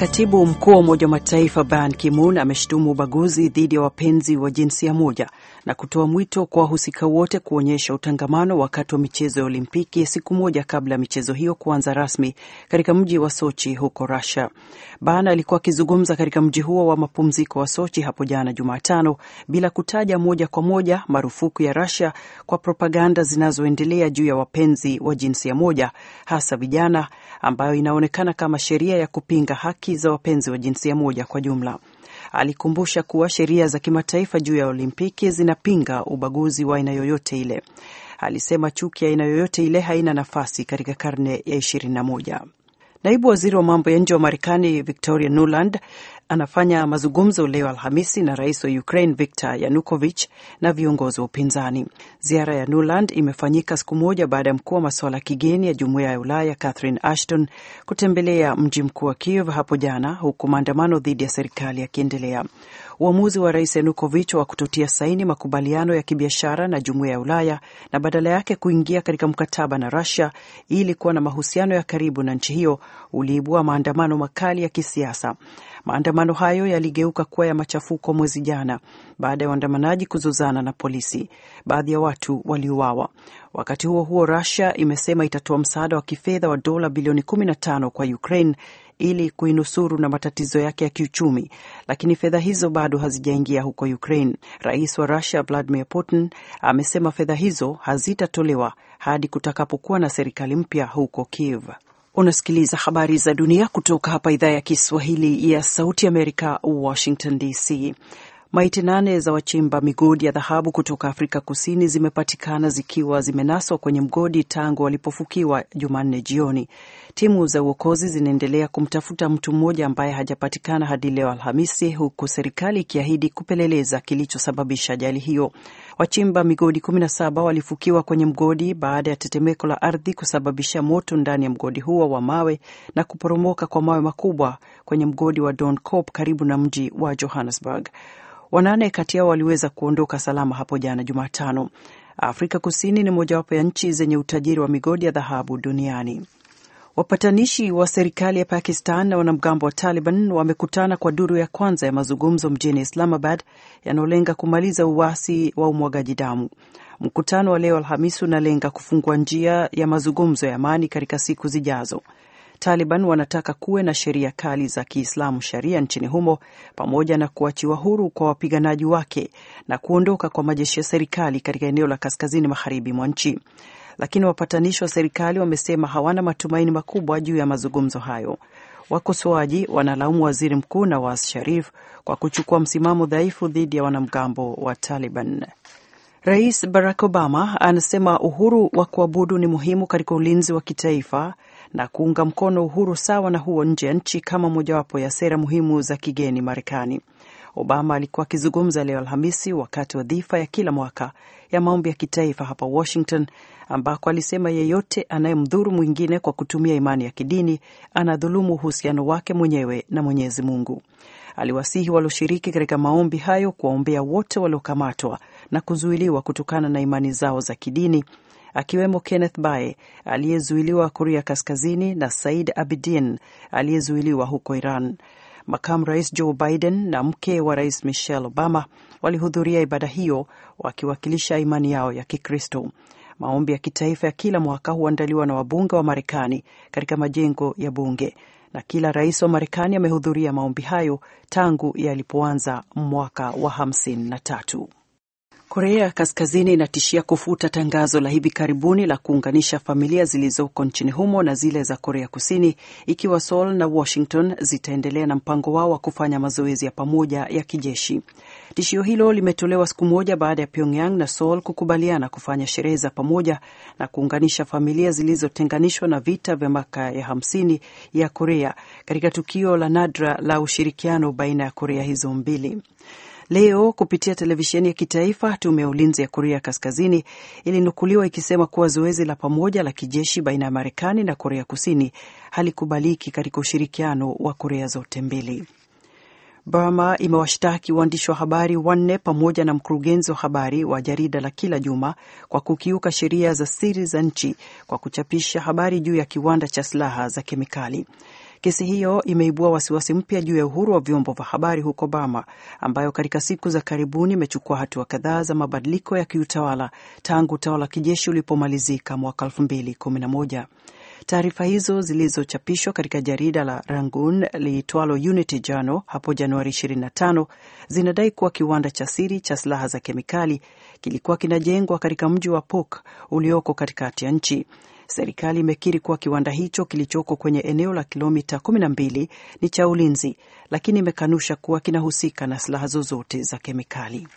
Katibu mkuu wa Umoja wa Mataifa Ban Ki-moon ameshutumu ubaguzi dhidi ya wapenzi wa jinsia moja na kutoa mwito kwa wahusika wote kuonyesha utangamano wakati wa michezo ya Olimpiki siku moja kabla ya michezo hiyo kuanza rasmi katika mji wa Sochi huko Russia. Ban alikuwa akizungumza katika mji huo wa mapumziko wa Sochi hapo jana Jumatano, bila kutaja moja kwa moja marufuku ya rasia kwa propaganda zinazoendelea juu ya wapenzi wa jinsia moja, hasa vijana, ambayo inaonekana kama sheria ya kupinga haki za wapenzi wa jinsia moja kwa jumla alikumbusha kuwa sheria za kimataifa juu ya Olimpiki zinapinga ubaguzi wa aina yoyote ile. Alisema chuki ya aina yoyote ile haina nafasi katika karne ya 21. Naibu waziri wa mambo ya nje wa Marekani Victoria Nuland anafanya mazungumzo leo Alhamisi na rais wa Ukraine Viktor Yanukovich na viongozi wa upinzani. Ziara ya Nuland imefanyika siku moja baada ya mkuu wa masuala ya kigeni ya jumuiya ya Ulaya Catherine Ashton kutembelea mji mkuu wa Kiev hapo jana, huku maandamano dhidi ya serikali yakiendelea. Uamuzi wa rais Yanukovich wa kutotia saini makubaliano ya kibiashara na jumuiya ya Ulaya na badala yake kuingia katika mkataba na Rusia ili kuwa na mahusiano ya karibu na nchi hiyo uliibua maandamano makali ya kisiasa. Maandamano hayo yaligeuka kuwa ya machafuko mwezi jana baada ya waandamanaji kuzozana na polisi. Baadhi ya watu waliuawa. Wakati huo huo, Russia imesema itatoa msaada wa kifedha wa dola bilioni 15 kwa Ukraine ili kuinusuru na matatizo yake ya kiuchumi, lakini fedha hizo bado hazijaingia huko Ukraine. Rais wa Russia Vladimir Putin amesema fedha hizo hazitatolewa hadi kutakapokuwa na serikali mpya huko Kiev. Unasikiliza habari za dunia kutoka hapa idhaa ya Kiswahili ya Sauti Amerika, Washington DC. Maiti nane za wachimba migodi ya dhahabu kutoka Afrika Kusini zimepatikana zikiwa zimenaswa kwenye mgodi tangu walipofukiwa Jumanne jioni. Timu za uokozi zinaendelea kumtafuta mtu mmoja ambaye hajapatikana hadi leo Alhamisi, huku serikali ikiahidi kupeleleza kilichosababisha ajali hiyo. Wachimba migodi 17 walifukiwa kwenye mgodi baada ya tetemeko la ardhi kusababisha moto ndani ya mgodi huo wa mawe na kuporomoka kwa mawe makubwa kwenye mgodi wa Doornkop karibu na mji wa Johannesburg. Wanane kati yao waliweza kuondoka salama hapo jana Jumatano. Afrika Kusini ni mojawapo ya nchi zenye utajiri wa migodi ya dhahabu duniani. Wapatanishi wa serikali ya Pakistan na wanamgambo wa Taliban wamekutana kwa duru ya kwanza ya mazungumzo mjini Islamabad yanayolenga kumaliza uasi wa umwagaji damu. Mkutano wa leo Alhamisi unalenga kufungua njia ya mazungumzo ya amani katika siku zijazo. Taliban wanataka kuwe na sheria kali za Kiislamu sharia nchini humo pamoja na kuachiwa huru kwa wapiganaji wake na kuondoka kwa majeshi ya serikali katika eneo la kaskazini magharibi mwa nchi. Lakini wapatanishi wa serikali wamesema hawana matumaini makubwa juu ya mazungumzo hayo. Wakosoaji wanalaumu waziri mkuu Nawaz Sharif kwa kuchukua msimamo dhaifu dhidi ya wanamgambo wa Taliban. Rais Barack Obama anasema uhuru wa kuabudu ni muhimu katika ulinzi wa kitaifa na kuunga mkono uhuru sawa na huo nje ya nchi kama mojawapo ya sera muhimu za kigeni Marekani. Obama alikuwa akizungumza leo Alhamisi wakati wa dhifa ya kila mwaka ya maombi ya kitaifa hapa Washington, ambako alisema yeyote anayemdhuru mwingine kwa kutumia imani ya kidini anadhulumu uhusiano wake mwenyewe na Mwenyezi Mungu. Aliwasihi walioshiriki katika maombi hayo kuwaombea wote waliokamatwa na kuzuiliwa kutokana na imani zao za kidini akiwemo Kenneth Bae aliyezuiliwa Korea Kaskazini na Said Abidin aliyezuiliwa huko Iran. Makamu Rais Joe Biden na mke wa Rais Michelle Obama walihudhuria ibada hiyo wakiwakilisha imani yao ya Kikristo. Maombi ya kitaifa ya kila mwaka huandaliwa na wabunge wa Marekani katika majengo ya bunge na kila rais wa Marekani amehudhuria maombi hayo tangu yalipoanza mwaka wa hamsini na tatu. Korea Kaskazini inatishia kufuta tangazo la hivi karibuni la kuunganisha familia zilizoko nchini humo na zile za Korea Kusini ikiwa Seoul na Washington zitaendelea na mpango wao wa kufanya mazoezi ya pamoja ya kijeshi. Tishio hilo limetolewa siku moja baada ya Pyongyang na Seoul kukubaliana kufanya sherehe za pamoja na kuunganisha familia zilizotenganishwa na vita vya miaka ya hamsini ya Korea katika tukio la nadra la ushirikiano baina ya Korea hizo mbili. Leo kupitia televisheni ya kitaifa, tume ya ulinzi ya Korea Kaskazini ilinukuliwa ikisema kuwa zoezi la pamoja la kijeshi baina ya Marekani na Korea Kusini halikubaliki katika ushirikiano wa Korea zote mbili. Burma imewashtaki waandishi wa habari wanne pamoja na mkurugenzi wa habari wa jarida la kila juma kwa kukiuka sheria za siri za nchi kwa kuchapisha habari juu ya kiwanda cha silaha za kemikali. Kesi hiyo imeibua wasiwasi mpya juu ya uhuru wa vyombo vya habari huko Bama, ambayo katika siku za karibuni imechukua hatua kadhaa za mabadiliko ya kiutawala tangu utawala wa kijeshi ulipomalizika mwaka 2011. Taarifa hizo zilizochapishwa katika jarida la Rangoon liitwalo Unity Journal hapo Januari 25 zinadai kuwa kiwanda cha siri cha silaha za kemikali kilikuwa kinajengwa katika mji wa Pok ulioko katikati ya nchi. Serikali imekiri kuwa kiwanda hicho kilichoko kwenye eneo la kilomita 12 ni cha ulinzi, lakini imekanusha kuwa kinahusika na silaha zozote za kemikali.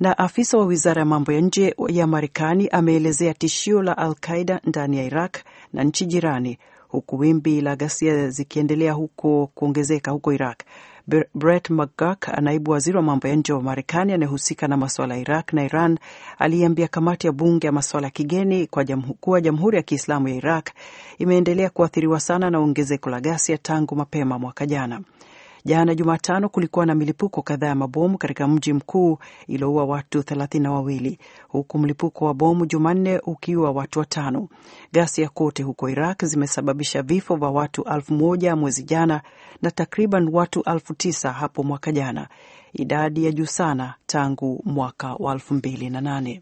Na afisa wa wizara ya mambo ya nje ya Marekani ameelezea tishio la Al Qaida ndani ya Iraq na nchi jirani huku wimbi la ghasia zikiendelea huko kuongezeka huko Iraq Brett McGurk, naibu waziri wa mambo ya nje wa Marekani anayehusika na masuala ya Iraq na Iran, aliambia kamati ya bunge ya masuala ya kigeni kuwa Jamhuri ya Kiislamu ya Iraq imeendelea kuathiriwa sana na ongezeko la ghasia tangu mapema mwaka jana. Jana Jumatano kulikuwa na milipuko kadhaa ya mabomu katika mji mkuu iliyoua watu thelathini na wawili huku mlipuko wa bomu Jumanne ukiua watu watano. Ghasia kote huko Iraq zimesababisha vifo vya watu elfu moja mwezi jana na takriban watu elfu tisa hapo mwaka jana, idadi ya juu sana tangu mwaka wa elfu mbili na nane.